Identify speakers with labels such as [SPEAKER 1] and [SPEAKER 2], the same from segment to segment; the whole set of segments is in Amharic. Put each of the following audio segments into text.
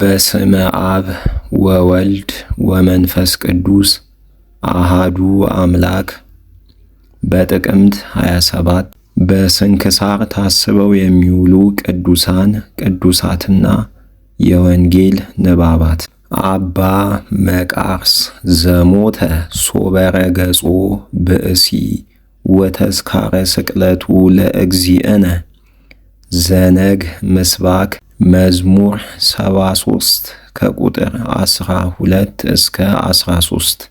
[SPEAKER 1] በስመ አብ ወወልድ ወመንፈስ ቅዱስ አሃዱ አምላክ። በጥቅምት 27 በስንክሳር ታስበው የሚውሉ ቅዱሳን ቅዱሳትና የወንጌል ንባባት አባ መቃርስ ዘሞተ ሶበረ ገጾ ብእሲ ወተስካረ ስቅለቱ ለእግዚእነ ዘነግ ምስባክ መዝሙር 73 ከቁጥር 12 እስከ 13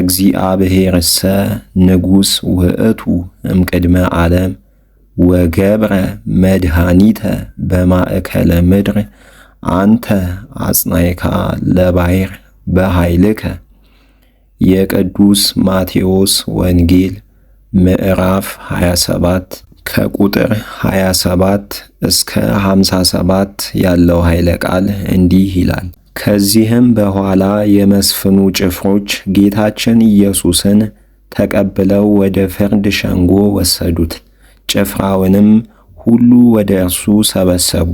[SPEAKER 1] እግዚአብሔርሰ ንጉሥ ውእቱ እምቅድመ ዓለም ወገብረ መድኃኒተ በማእከለ ምድር አንተ አጽናይካ ለባይር በኃይልከ። የቅዱስ ማቴዎስ ወንጌል ምዕራፍ 27 ከቁጥር 27 እስከ 57 ያለው ኃይለ ቃል እንዲህ ይላል። ከዚህም በኋላ የመስፍኑ ጭፍሮች ጌታችን ኢየሱስን ተቀብለው ወደ ፍርድ ሸንጎ ወሰዱት። ጭፍራውንም ሁሉ ወደ እርሱ ሰበሰቡ።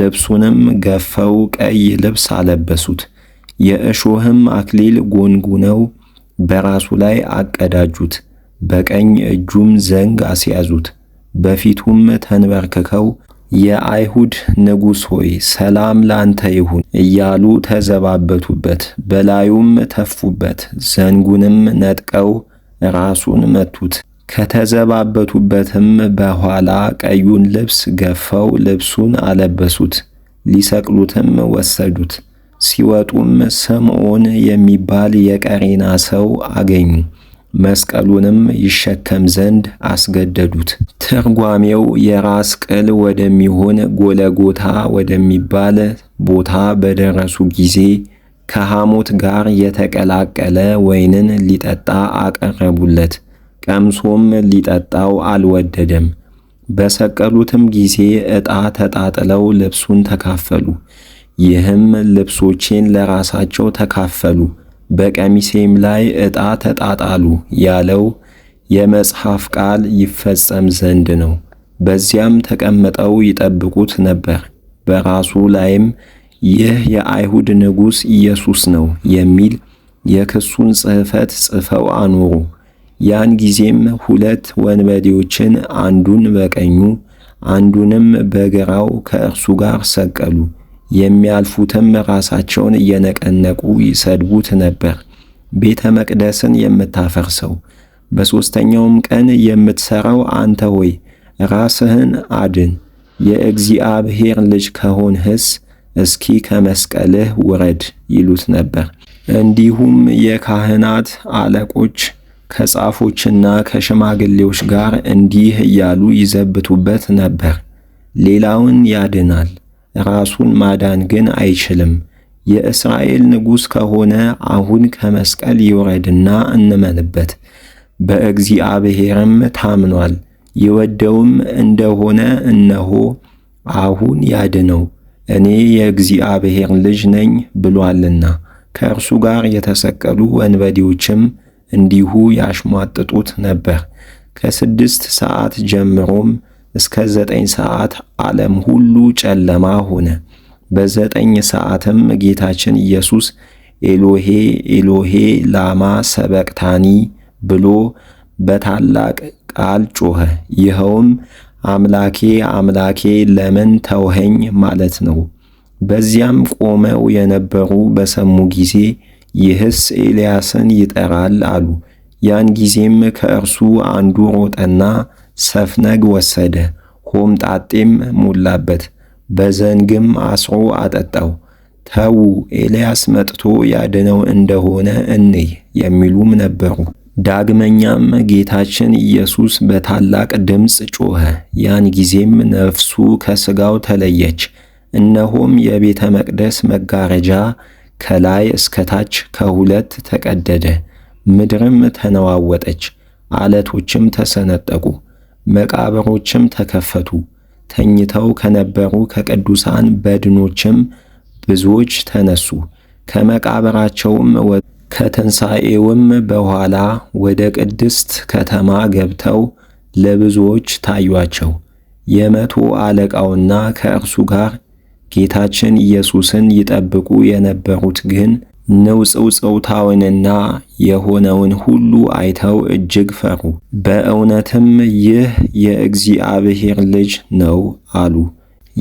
[SPEAKER 1] ልብሱንም ገፈው ቀይ ልብስ አለበሱት። የእሾህም አክሊል ጎንጉነው በራሱ ላይ አቀዳጁት። በቀኝ እጁም ዘንግ አስያዙት። በፊቱም ተንበርክከው የአይሁድ ንጉሥ ሆይ ሰላም ላንተ ይሁን እያሉ ተዘባበቱበት። በላዩም ተፉበት፣ ዘንጉንም ነጥቀው ራሱን መቱት። ከተዘባበቱበትም በኋላ ቀዩን ልብስ ገፈው ልብሱን አለበሱት፣ ሊሰቅሉትም ወሰዱት። ሲወጡም ስምዖን የሚባል የቀሬና ሰው አገኙ። መስቀሉንም ይሸከም ዘንድ አስገደዱት። ትርጓሜው የራስ ቅል ወደሚሆን ጎለጎታ ወደሚባል ቦታ በደረሱ ጊዜ ከሐሞት ጋር የተቀላቀለ ወይንን ሊጠጣ አቀረቡለት። ቀምሶም ሊጠጣው አልወደደም። በሰቀሉትም ጊዜ ዕጣ ተጣጥለው ልብሱን ተካፈሉ። ይህም ልብሶቼን ለራሳቸው ተካፈሉ በቀሚሴም ላይ ዕጣ ተጣጣሉ ያለው የመጽሐፍ ቃል ይፈጸም ዘንድ ነው። በዚያም ተቀምጠው ይጠብቁት ነበር። በራሱ ላይም ይህ የአይሁድ ንጉሥ ኢየሱስ ነው የሚል የክሱን ጽሕፈት ጽፈው አኖሩ። ያን ጊዜም ሁለት ወንበዴዎችን አንዱን በቀኙ አንዱንም በግራው ከእርሱ ጋር ሰቀሉ። የሚያልፉትም ራሳቸውን እየነቀነቁ ይሰድቡት ነበር። ቤተ መቅደስን የምታፈርሰው በሦስተኛውም ቀን የምትሠራው አንተ ሆይ ራስህን አድን፣ የእግዚአብሔር ልጅ ከሆንህስ እስኪ ከመስቀልህ ውረድ ይሉት ነበር። እንዲሁም የካህናት አለቆች ከጻፎችና ከሽማግሌዎች ጋር እንዲህ እያሉ ይዘብቱበት ነበር። ሌላውን ያድናል ራሱን ማዳን ግን አይችልም። የእስራኤል ንጉሥ ከሆነ አሁን ከመስቀል ይውረድና እንመንበት። በእግዚአብሔርም ታምኗል፣ ይወደውም እንደሆነ እነሆ አሁን ያድነው፣ እኔ የእግዚአብሔር ልጅ ነኝ ብሏልና። ከእርሱ ጋር የተሰቀሉ ወንበዴዎችም እንዲሁ ያሽሟጥጡት ነበር። ከስድስት ሰዓት ጀምሮም እስከ ዘጠኝ ሰዓት ዓለም ሁሉ ጨለማ ሆነ። በዘጠኝ ሰዓትም ጌታችን ኢየሱስ ኤሎሄ ኤሎሄ ላማ ሰበቅታኒ ብሎ በታላቅ ቃል ጮኸ። ይኸውም አምላኬ አምላኬ ለምን ተውኸኝ ማለት ነው። በዚያም ቆመው የነበሩ በሰሙ ጊዜ ይህስ ኤልያስን ይጠራል አሉ። ያን ጊዜም ከእርሱ አንዱ ሮጠና ሰፍነግ ወሰደ፣ ሆምጣጤም ሞላበት፣ በዘንግም አስሮ አጠጣው። ተዉ ኤልያስ መጥቶ ያድነው እንደሆነ እንይ የሚሉም ነበሩ። ዳግመኛም ጌታችን ኢየሱስ በታላቅ ድምፅ ጮኸ። ያን ጊዜም ነፍሱ ከሥጋው ተለየች። እነሆም የቤተ መቅደስ መጋረጃ ከላይ እስከታች ከሁለት ተቀደደ። ምድርም ተነዋወጠች፣ አለቶችም ተሰነጠቁ። መቃብሮችም ተከፈቱ። ተኝተው ከነበሩ ከቅዱሳን በድኖችም ብዙዎች ተነሱ። ከመቃብራቸውም ከትንሣኤውም በኋላ ወደ ቅድስት ከተማ ገብተው ለብዙዎች ታዩአቸው። የመቶ አለቃውና ከእርሱ ጋር ጌታችን ኢየሱስን ይጠብቁ የነበሩት ግን ንውጽውጽታውንና የሆነውን ሁሉ አይተው እጅግ ፈሩ። በእውነትም ይህ የእግዚአብሔር ልጅ ነው አሉ።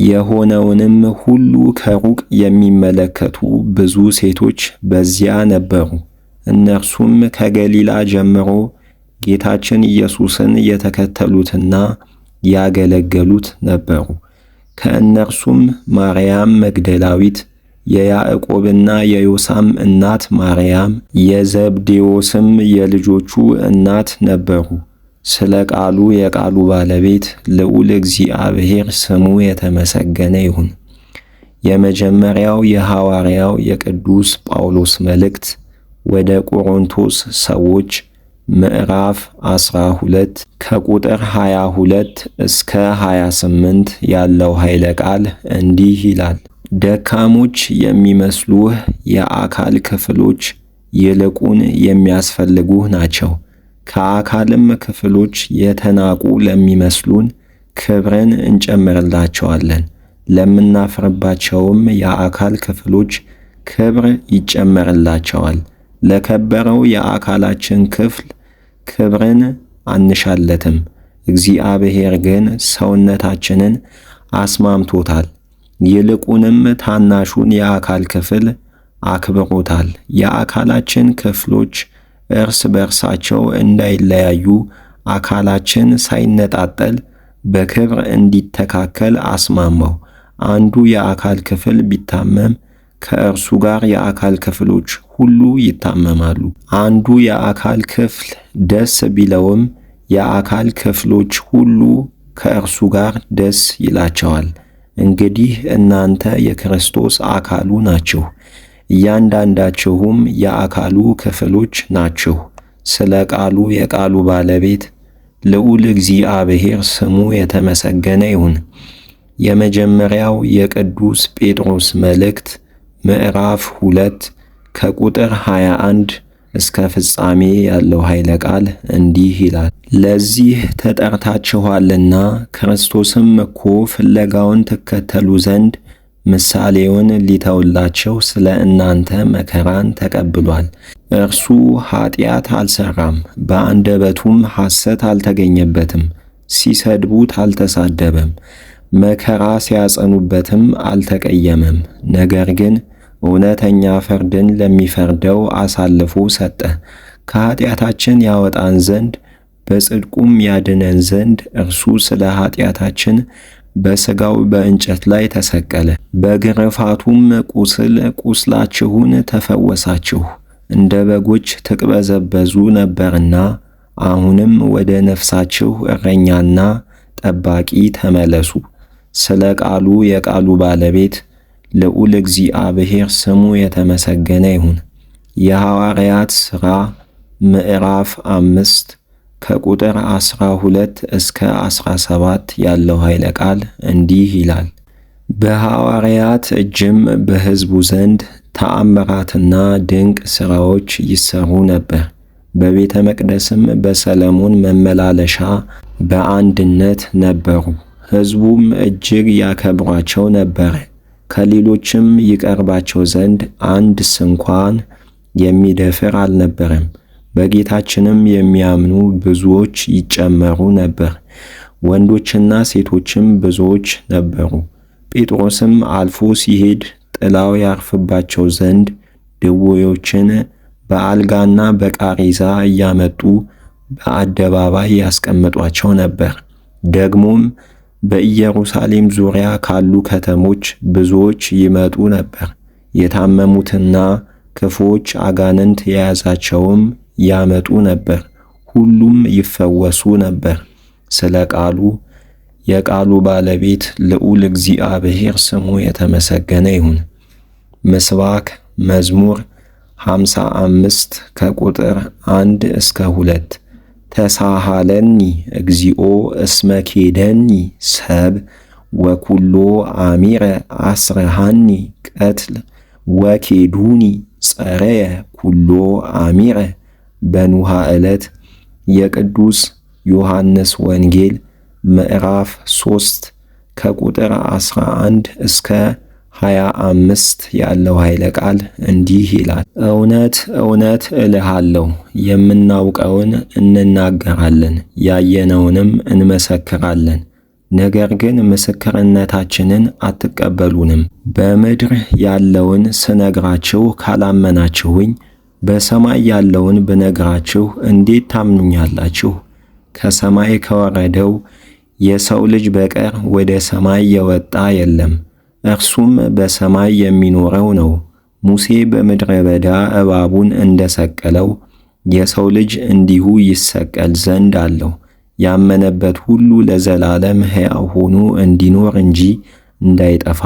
[SPEAKER 1] የሆነውንም ሁሉ ከሩቅ የሚመለከቱ ብዙ ሴቶች በዚያ ነበሩ። እነርሱም ከገሊላ ጀምሮ ጌታችን ኢየሱስን የተከተሉትና ያገለገሉት ነበሩ። ከእነርሱም ማርያም መግደላዊት የያዕቆብና የዮሳም እናት ማርያም፣ የዘብዴዎስም የልጆቹ እናት ነበሩ። ስለ ቃሉ የቃሉ ባለቤት ልዑል እግዚአብሔር ስሙ የተመሰገነ ይሁን። የመጀመሪያው የሐዋርያው የቅዱስ ጳውሎስ መልእክት ወደ ቆሮንቶስ ሰዎች ምዕራፍ 12 ከቁጥር 22 እስከ 28 ያለው ኃይለ ቃል እንዲህ ይላል። ደካሞች የሚመስሉህ የአካል ክፍሎች ይልቁን የሚያስፈልጉህ ናቸው። ከአካልም ክፍሎች የተናቁ ለሚመስሉን ክብርን እንጨምርላቸዋለን። ለምናፍርባቸውም የአካል ክፍሎች ክብር ይጨመርላቸዋል። ለከበረው የአካላችን ክፍል ክብርን አንሻለትም። እግዚአብሔር ግን ሰውነታችንን አስማምቶታል። ይልቁንም ታናሹን የአካል ክፍል አክብሮታል። የአካላችን ክፍሎች እርስ በርሳቸው እንዳይለያዩ አካላችን ሳይነጣጠል በክብር እንዲተካከል አስማማው። አንዱ የአካል ክፍል ቢታመም ከእርሱ ጋር የአካል ክፍሎች ሁሉ ይታመማሉ። አንዱ የአካል ክፍል ደስ ቢለውም የአካል ክፍሎች ሁሉ ከእርሱ ጋር ደስ ይላቸዋል። እንግዲህ እናንተ የክርስቶስ አካሉ ናችሁ፣ እያንዳንዳችሁም የአካሉ ክፍሎች ናችሁ። ስለ ቃሉ የቃሉ ባለቤት ልዑል እግዚአብሔር ስሙ የተመሰገነ ይሁን። የመጀመሪያው የቅዱስ ጴጥሮስ መልእክት ምዕራፍ ሁለት ከቁጥር 21 እስከ ፍጻሜ ያለው ኃይለ ቃል እንዲህ ይላል። ለዚህ ተጠርታችኋልና ክርስቶስም እኮ ፍለጋውን ትከተሉ ዘንድ ምሳሌውን ሊተውላቸው ስለ እናንተ መከራን ተቀብሏል። እርሱ ኀጢአት አልሰራም በአንደበቱም ሐሰት አልተገኘበትም፣ ሲሰድቡት አልተሳደበም፣ መከራ ሲያጸኑበትም አልተቀየመም። ነገር ግን እውነተኛ ፍርድን ለሚፈርደው አሳልፎ ሰጠ። ከኀጢአታችን ያወጣን ዘንድ በጽድቁም ያድነን ዘንድ እርሱ ስለ ኀጢአታችን በሥጋው በእንጨት ላይ ተሰቀለ። በግርፋቱም ቁስል ቁስላችሁን ተፈወሳችሁ። እንደ በጎች ትቅበዘበዙ ነበርና አሁንም ወደ ነፍሳችሁ እረኛና ጠባቂ ተመለሱ። ስለ ቃሉ የቃሉ ባለቤት ልዑል እግዚአብሔር ስሙ የተመሰገነ ይሁን። የሐዋርያት ሥራ ምዕራፍ አምስት ከቁጥር 12 እስከ 17 ያለው ኃይለ ቃል እንዲህ ይላል። በሐዋርያት እጅም በሕዝቡ ዘንድ ተአምራትና ድንቅ ሥራዎች ይሰሩ ነበር። በቤተ መቅደስም በሰለሞን መመላለሻ በአንድነት ነበሩ። ሕዝቡም እጅግ ያከብሯቸው ነበር። ከሌሎችም ይቀርባቸው ዘንድ አንድ ስንኳን የሚደፍር አልነበረም። በጌታችንም የሚያምኑ ብዙዎች ይጨመሩ ነበር፣ ወንዶችና ሴቶችም ብዙዎች ነበሩ። ጴጥሮስም አልፎ ሲሄድ ጥላው ያርፍባቸው ዘንድ ድዌዎችን በአልጋና በቃሬዛ እያመጡ በአደባባይ ያስቀምጧቸው ነበር። ደግሞም በኢየሩሳሌም ዙሪያ ካሉ ከተሞች ብዙዎች ይመጡ ነበር። የታመሙትና ክፉዎች አጋንንት የያዛቸውም ያመጡ ነበር። ሁሉም ይፈወሱ ነበር። ስለ ቃሉ የቃሉ ባለቤት ልዑል እግዚአብሔር ስሙ የተመሰገነ ይሁን። ምስባክ መዝሙር 55 ከቁጥር 1 እስከ 2 ተሳሃለኒ እግዚኦ እስመ ኬደኒ ሰብ ወኩሎ አሚረ አስረሃኒ ቀትል ወኬዱኒ ጸረየ ኩሎ አሚረ በኑሃ ዕለት የቅዱስ ዮሐንስ ወንጌል ምዕራፍ 3 ከቁጥር 11 እስከ ሀያ አምስት ያለው ኃይለ ቃል እንዲህ ይላል። እውነት እውነት እልሃለሁ የምናውቀውን እንናገራለን፣ ያየነውንም እንመሰክራለን ነገር ግን ምስክርነታችንን አትቀበሉንም። በምድር ያለውን ስነግራችሁ ካላመናችሁኝ በሰማይ ያለውን ብነግራችሁ እንዴት ታምኑኛላችሁ? ከሰማይ ከወረደው የሰው ልጅ በቀር ወደ ሰማይ የወጣ የለም። እርሱም በሰማይ የሚኖረው ነው። ሙሴ በምድረ በዳ እባቡን እንደሰቀለው የሰው ልጅ እንዲሁ ይሰቀል ዘንድ አለው። ያመነበት ሁሉ ለዘላለም ሕያው ሆኖ እንዲኖር እንጂ እንዳይጠፋ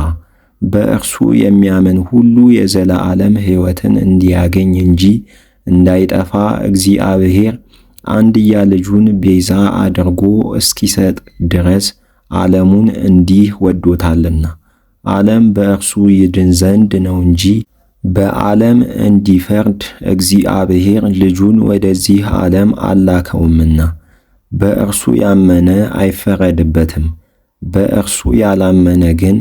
[SPEAKER 1] በእርሱ የሚያምን ሁሉ የዘላለም ሕይወትን እንዲያገኝ እንጂ እንዳይጠፋ እግዚአብሔር አንድያ ልጁን ቤዛ አድርጎ እስኪሰጥ ድረስ ዓለሙን እንዲህ ወዶታልና። ዓለም በእርሱ ይድን ዘንድ ነው እንጂ በዓለም እንዲፈርድ እግዚአብሔር ልጁን ወደዚህ ዓለም አላከውምና። በእርሱ ያመነ አይፈረድበትም፣ በእርሱ ያላመነ ግን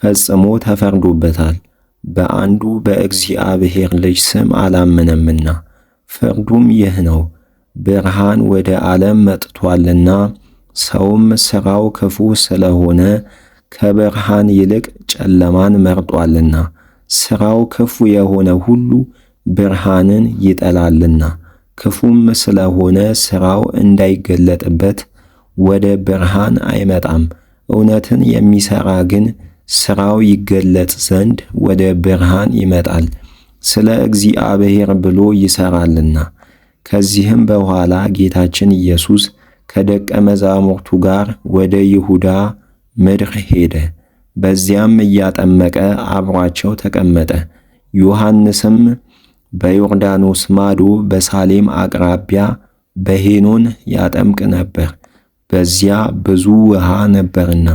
[SPEAKER 1] ፈጽሞ ተፈርዶበታል። በአንዱ በእግዚአብሔር ልጅ ስም አላመነምና። ፍርዱም ይህ ነው፣ ብርሃን ወደ ዓለም መጥቷልና ሰውም ሥራው ክፉ ስለሆነ ከብርሃን ይልቅ ጨለማን መርጧልና፣ ሥራው ክፉ የሆነ ሁሉ ብርሃንን ይጠላልና፣ ክፉም ስለሆነ ሥራው እንዳይገለጥበት ወደ ብርሃን አይመጣም። እውነትን የሚሠራ ግን ሥራው ይገለጽ ዘንድ ወደ ብርሃን ይመጣል፣ ስለ እግዚአብሔር ብሎ ይሠራልና። ከዚህም በኋላ ጌታችን ኢየሱስ ከደቀ መዛሙርቱ ጋር ወደ ይሁዳ ምድር ሄደ። በዚያም እያጠመቀ አብሯቸው ተቀመጠ። ዮሐንስም በዮርዳኖስ ማዶ በሳሌም አቅራቢያ በሄኖን ያጠምቅ ነበር፣ በዚያ ብዙ ውሃ ነበርና።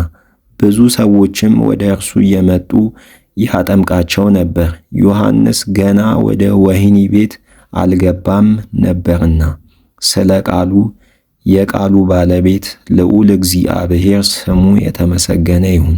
[SPEAKER 1] ብዙ ሰዎችም ወደ እርሱ እየመጡ ያጠምቃቸው ነበር፣ ዮሐንስ ገና ወደ ወህኒ ቤት አልገባም ነበርና። ስለ ቃሉ የቃሉ ባለቤት ልዑል እግዚአብሔር ስሙ የተመሰገነ ይሁን።